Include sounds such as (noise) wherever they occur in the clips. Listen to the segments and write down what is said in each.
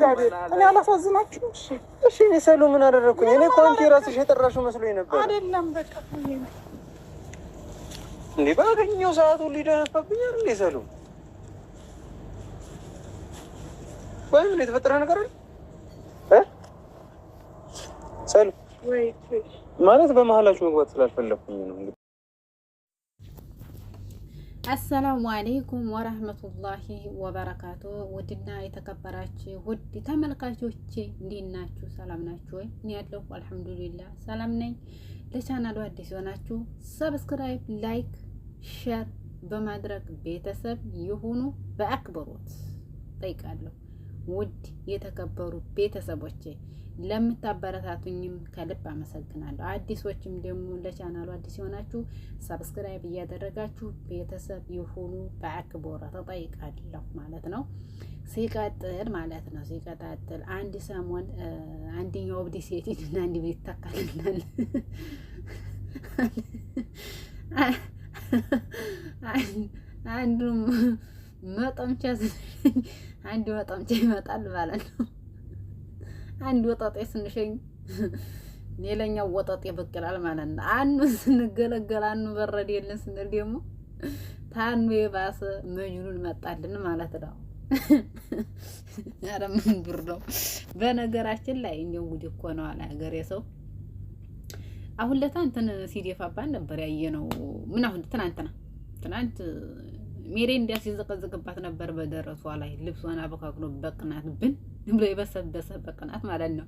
እግዚአብሔር እኔ አላሳዝናችሁ። እሺ፣ እሺ። እኔ ምን አደረግኩኝ? እኔ ኳንቲ ራስሽ የጠራሽው መስሎኝ ነበር። አይደለም በቃ እንዴ ባገኘው ሰዓት ሁሉ እንዴ ወይ ምን የተፈጠረ ነገር አለ? ማለት በመሀላችሁ መግባት ስላልፈለኩኝ ነው። አሰላሙ አሌይኩም ወረህመቱላሂ ወበረካቱ። ውድና የተከበራችሁ ውድ ተመልካቾቼ እንዴት ናችሁ? ሰላም ናችሁ ወይ? እኔ ያለሁ አልሐምዱሊላህ ሰላም ነኝ። ለቻናሉ አዲስ የሆናችሁ ሰብስክራይብ፣ ላይክ፣ ሸር በማድረግ ቤተሰብ የሆኑ በአክብሮት ጠይቃለሁ። ውድ የተከበሩ ቤተሰቦቼ ለምታበረታቱኝም ከልብ አመሰግናለሁ። አዲሶችም ደግሞ ለቻናሉ አዲስ የሆናችሁ ሰብስክራይብ እያደረጋችሁ ቤተሰብ የሆኑ በአክብሮት ተጠይቃለሁ ማለት ነው። ሲቀጥል ማለት ነው ሲቀጣጥል አንድ ሰሞን አንድኛው እብድ ሴቲት እና አንድ ቤት ይታካልናል አንዱም መጠምቻ አንድ መጠምቻ ይመጣል ማለት ነው። አንድ ወጠጤ ስንሸኝ ሌላኛው ወጠጤ ይበቅላል ማለት ነው። አኑ ስንገለገል አኑ በረዴልን ስንል ደግሞ ታኑ የባሰ መጅኑን መጣልን ማለት ነው። ኧረ ምን ጉር ነው! በነገራችን ላይ እንደው ጉድ እኮ ነው አለ ሀገሬ ሰው። አሁን ለታ እንትን ሲደፋባን ነበር ያየ ነው። ምን አሁን ትናንትና ትናንት ሜሬ እንዲያ ሲዘቀዝቅባት ነበር በደረሷ ላይ ልብሷን አበካክሎ በቅናት ብን ብሎ የበሰበሰ በቅናት ማለት ነው።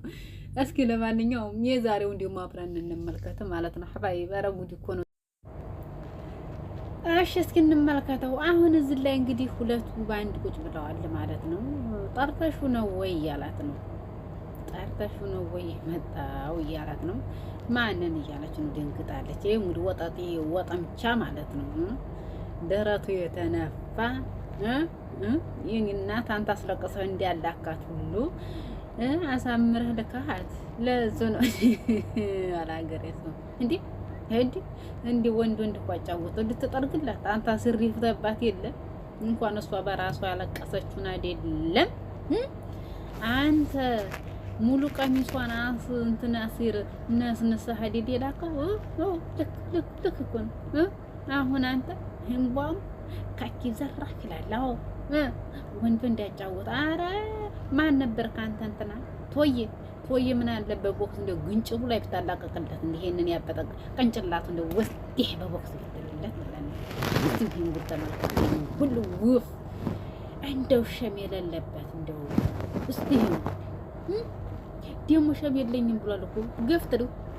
እስኪ ለማንኛውም የዛሬው እንዲሁም አብረን እንመልከት ማለት ነው። ሀባይ በረጉድ እኮ ነው። እሺ እስኪ እንመልከተው። አሁን እዚህ ላይ እንግዲህ ሁለቱ በአንድ ቁጭ ብለዋል ማለት ነው። ጠርተሹ ነው ወይ እያላት ነው። ጠርተሹ ነው ወይ መጣው እያላት ነው። ማንን እያለች ነው። ድንግጣለች። ይህ እንግዲህ ወጠጤ ወጠምቻ ማለት ነው። ደረቱ የተነፋ ይህን እናት አንተ አስለቅሰህ እንዲያላካት ሁሉ አሳምረህ ልካሃት ለዙ ነው (laughs) አላገሬ ሰው እንዲ እንዲ እንዲ ወንድ ወንድ እኮ አጫወተው እንድትጠርግላት አንተ ስሪ ፍተባት የለም እንኳን እሷ በራሷ ያለቀሰችውን አይደለም አንተ ሙሉ ቀሚሷን አስ እንትን አሲር ነስንሰህ አይደል የላከው ልክ ልክ ልክ እኮ ነው አሁን አንተ ህንቧም ካኪ ዘራፍ ይላል። ወንዱ ወንዶ አረ ማን ነበር ካንተ እንትና ቶይ ቶይ ምን አለበት ቦክስ እንደ ግንጭሉ ላይ ብታላቀቅለት እንደ ይሄንን ያበጠቅ ቅንጭላቱ እንደ ይሄ በቦክስ ብትልለት ማለት ነው። እስቲ ይሄን ጉድ ሁሉ ውፍ እንደው ሸም የሌለበት እንደው እስቲ ይሄን ደግሞ ሸም የለኝም ብሏል እኮ ገፍት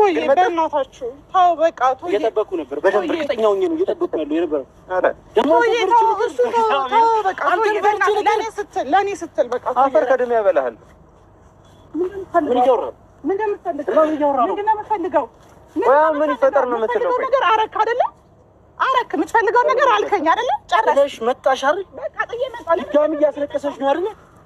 ቆይ በእናታችሁ ተው፣ በቃ ተው። እየጠበኩ ነበር፣ በደንብ እርግጠኛ ሆኜ ነው እየጠበኩ ያለው የነበረው። ለእኔ ስትል በቃ አፈር ከደም ያበላሃል። ምን እያወራህ ምን ይፈጠር ነው የምትለው ነገር አረክ አይደለ? አረክ የምትፈልገው ነገር አልከኝ አይደለ? ጨረስሽ መጣሽ አይደል? በቃ ጥዬ መጣሁ። ድጋሚ እያስለቀሰች ነው አይደለ?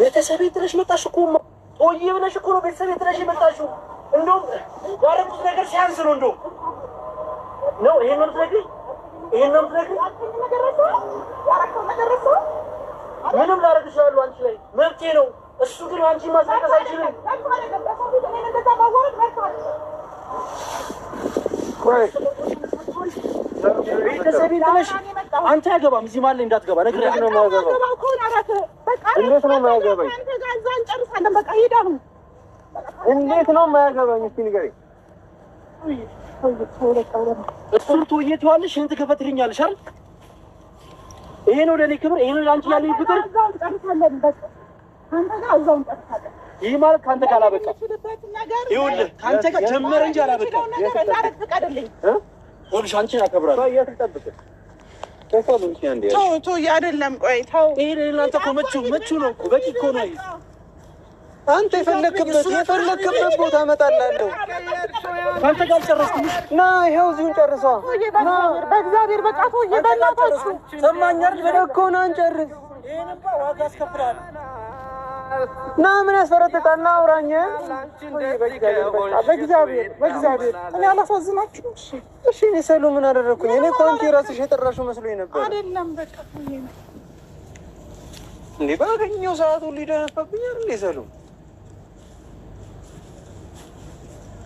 ቤተሰብ ትረሽ መጣሽ እኮ ጦዬ ብለሽ እኮ ነው ቤተሰብ ትረሽ የመጣሽው። እንደውም ያረኩት ነገር ሲያንስ ነው። እንደውም ነው ይሄን ነው የምትነግሪኝ? ይሄን ነው የምትነግሪኝ? ምንም ላደርግ እችላለሁ አንቺ ላይ መብቴ ነው። እሱ ግን አንቺ ማሳቀስ አይችልም። ቤተሰብ ትረሽ አንተ ያገባም እዚህ ማለት እንዳትገባ ነግሬያት ነው የማያገባው እንዴት ነው የማያገባኝ? እንዴት ነው የማያገባኝ? እስኪ ንገረኝ። እሱን ትውዬ ትዋለሽ፣ እኔን ትከፈትልኛለሽ አይደል? ይሄ ነው ለእኔ ክብር፣ ይሄ ነው ለአንቺ ያለኝ ፍቅር። ይህ ማለት ከአንተ ጋር አላበቃ። ይኸውልህ ከአንተ ጋር ጀመረ እንጂ አላበቃ። አንቺን አከብራለሁ ተው ተው፣ አይደለም ቆይ ተው። አንተ የፈለክበት የፈለክበት ቦታ እመጣልሃለሁ። አንተ ጋር ጨረስኩ ና፣ ይኸው እዚሁ ጨርሷ። በእግዚአብሔር በቃ ሰማኛል እኮ ና እንጨርስ ና ምን ያስፈረጥጣል? ና አውራኝ። በእግዚአብሔር በእግዚአብሔር እኔ አላሳዝናችሁ። እሺ እኔ ሰሉ ምን አደረግኩኝ? እኔ ኮንቲ ራስሽ የጠራሽው መስሎኝ ነበር። አይደለም በቃ እንዴ፣ ባገኘው ሰዓት ሁሉ ይደነፋብኛል እንዴ ሰሉ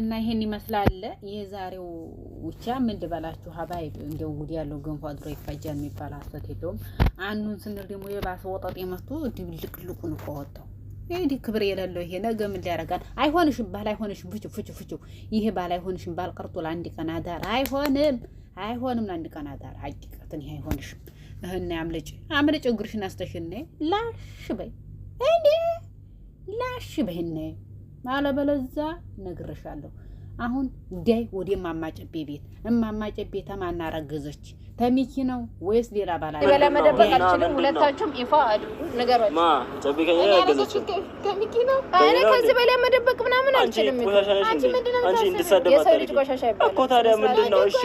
እና ይሄን ይመስላል የዛሬው ውቻ። ምን ልበላችሁ ሀባይ እንደው ጉድ ያለው ገንፎ አድሮ ይፈጃል የሚባል ሀሰት የለውም። አኑን ስንል ደግሞ የባሰ ወጠጤ መቶ ድብልቅልቁን እኮ ወጣው። ይህ ክብር የሌለው ይሄ ነገ ምን ሊያደርጋል? አይሆንሽም ባል አይሆንሽም፣ ፍቹ ፍቹ ፍቹ። ይሄ ባል አይሆንሽም ባል ቀርቶ ለአንድ ቀን አዳር አይሆንም፣ አይሆንም ለአንድ ቀን አዳር ሀቂቀትን ይሄ አይሆንሽም። እህና አምልጭ አምልጭ፣ እግርሽን አስተሽነ ላሽ በይ፣ እኔ ላሽ በይነ አለበለዛ ነግርሻለሁ። አሁን ዳይ ወደ ማማጨቤ ቤት እማማጨቤ ተማና ረገዘች ተሚኪ ነው ወይስ ሌላ ባላ? በላ አልችልም። ሁለታችሁም ይፋ አድርጉ፣ ንገሯቸው። ማ ነው። ከዚህ በላይ መደበቅ ምናምን አልችልም። አንቺ የሰው ልጅ ቆሻሻ እኮ ታዲያ እሺ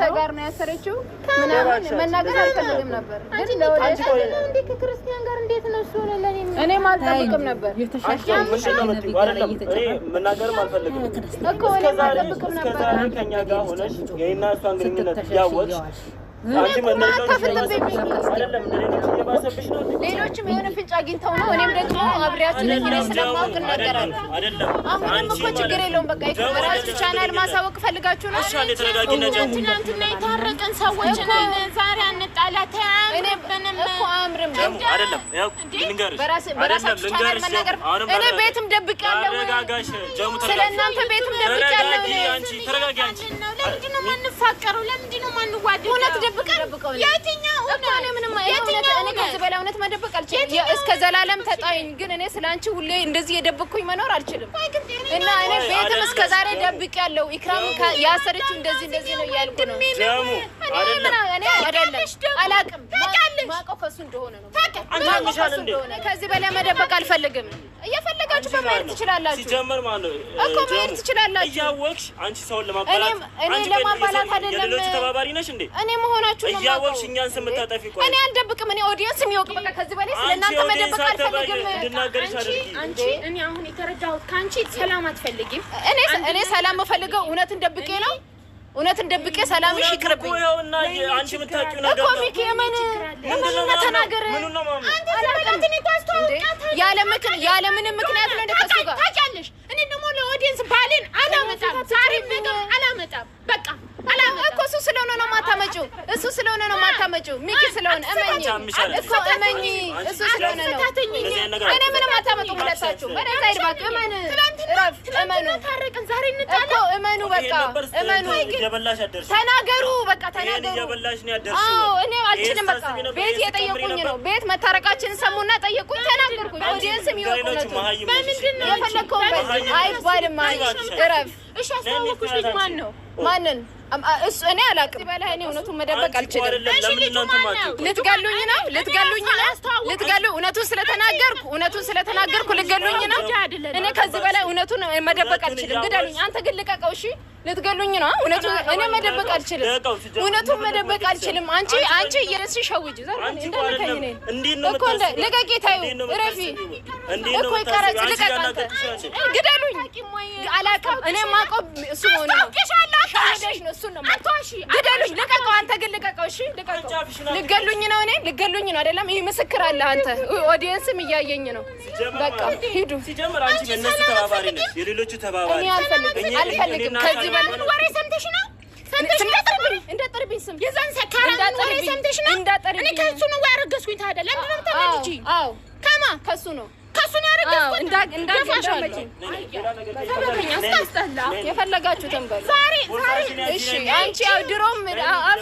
ከአንተ ጋር ነው ያሰረችው ምናምን መናገር አልፈልግም ነበር። ከክርስቲያን ጋር እንዴት ነው እሱ እኔም አልጠብቅም ነበር መናገርም አልፈልግም እኮ እኔም አልጠብቅም ነበር ከእኛ ጋር ሆነሽ የእኔና እሷን ግንኙነት ያወቅሽ ሌሎችም የሆነ ፍንጭ አግኝተው ነው። እኔም ደግሞ አብሬያችን አብሬያችሁ ስለማወቅ እናገራለሁ። አሁንም እኮ ችግር የለውም። በቃ የራሳችሁ ቻናል ማሳወቅ ፈልጋችሁ ነው። ትናንትና የታረቅን ሰዎች ዛሬ አንጣላ ተያ እኔ ቤትም ደብቅ ስለ እናንተ ቤትም ደብቅ ያለው ለምንድን ነው የማንፋቀረው? ለምንድን ነው የማንዋደው? እውነት ደብቀን የትኛው እውነት መደበቅ አልችልም። እስከ ዘላለም ተጣይኝ፣ ግን እኔ ስለ አንቺ ሁሌ እንደዚህ የደብቅኩኝ መኖር አልችልም። እና እኔ ቤትም እስከ ዛሬ ደብቅ ያለው ያሰረችው እንደዚህ እንደዚህ ነው እያልኩ ነው። እኔ አይደለም አላውቅም ማውቀው ከሱ እንደሆነ ነው። ከዚህ በላይ መደበቅ አልፈልግም። እየፈለጋችሁ በመሄድ ትችላላችሁ እኮ መሄድ ትችላላችሁ። እያወቅሽ አንቺ ሰውን ለማባላት እኔ ለማባላት አይደለም። ተባባሪ ነሽ እንዴ? እኔ መሆናችሁን እያወቅሽ እኛን ስም ታጠፊ። እኔ አልደብቅም። እኔ ኦዲየንስ የሚወቅ በቃ ከዚህ በላይ ስለ እናንተ መደበቅ አልፈልግም። አንቺ እኔ አሁን የተረዳሁት ከአንቺ ሰላም አትፈልጊም። እኔ ሰላም የምፈልገው እውነትን ደብቄ ነው እውነትን ደብቄ ሰላምሽ ይቅርብኝ ያለምንም ምክንያት ነው ታውቂያለሽ። እኔ ደግሞ ለኦዲየንስ ባሌን አላመጣም፣ ዛሬ አላመጣም በቃ አላም እኮ እሱ ስለሆነ ነው የማታመጪው። እሱ ስለሆነ ነው ማታመጩ ሚኪ ስለሆነ እመኚ እኮ እመኚ። እሱ ስለሆነ ነው እኔ ምንም አታመጡም ሁለታችሁም። ወደዛ ሂድ እባክህ። እመን እረፍ። እመኑ እኮ እመኑ። በቃ እመኑ። ተናገሩ። በቃ ተናገሩ። እኔ አልችልም። በቃ ቤት የጠየቁኝ ነው። ቤት መታረቃችን ሰሙና ጠየቁኝ። ተናገርኩኝ። ኦዲየንስም ይወቁነቱ በምንድን ነው የፈለግከውን በል አይባልም። እረፍ። እሺ አስተዋወቅኩሽ ልጅ ማን ነው? ማንን እሱ እኔ አላውቅም በላይ እኔ እውነቱን መደበቅ አልችልም። ልትገሉኝ ነው ልትገሉኝ ነው ልትገሉ እውነቱን ስለተናገርኩ እውነቱን ስለተናገርኩ ልትገሉኝ ነው። እኔ ከዚህ በላይ እውነቱን መደበቅ አልችልም። ግደሉኝ። አንተ ግን ልቀቀው። እሺ ልትገሉኝ ነው። እውነቱን እኔ መደበቅ አልችልም። እውነቱን መደበቅ አልችልም። አንቺ አንቺ እየረስሽ ሸውጅ ልቀቂ። ታዩ ረፊ እኮ ይቀረጽ ልቀቅ። ግደሉኝ። አላውቅም እኔ ማቆብ እሱ ነው ሸውደሽ ነው። እሱን ነው ግደሉኝ። ልቀቀው፣ አንተ ግን ልቀቀው። እሺ ልቀቀው። ልገሉኝ ነው እኔ ልገሉኝ ነው አይደለም። ይህ ምስክር አለ። አንተ ኦዲየንስም እያየኝ ነው። በቃ ሂዱ። እኔ አልፈልግም፣ አልፈልግም ከዚህ በላይ ወሬ ሰምተሽ ነው እንዳጠርብኝ ስም የዛን ሰካራን ወሬ ሰምተሽ ነው እኔ ከእሱ ነው ያረገዝኩኝ። ታዲያ ለምንድን ነው የምታመጪኝ? ከማ ከእሱ ነው ከሱን ያረጋግጥ የፈለጋችሁትን በሉ። ዛሬ ዛሬ እሺ አንቺ ያው ድሮም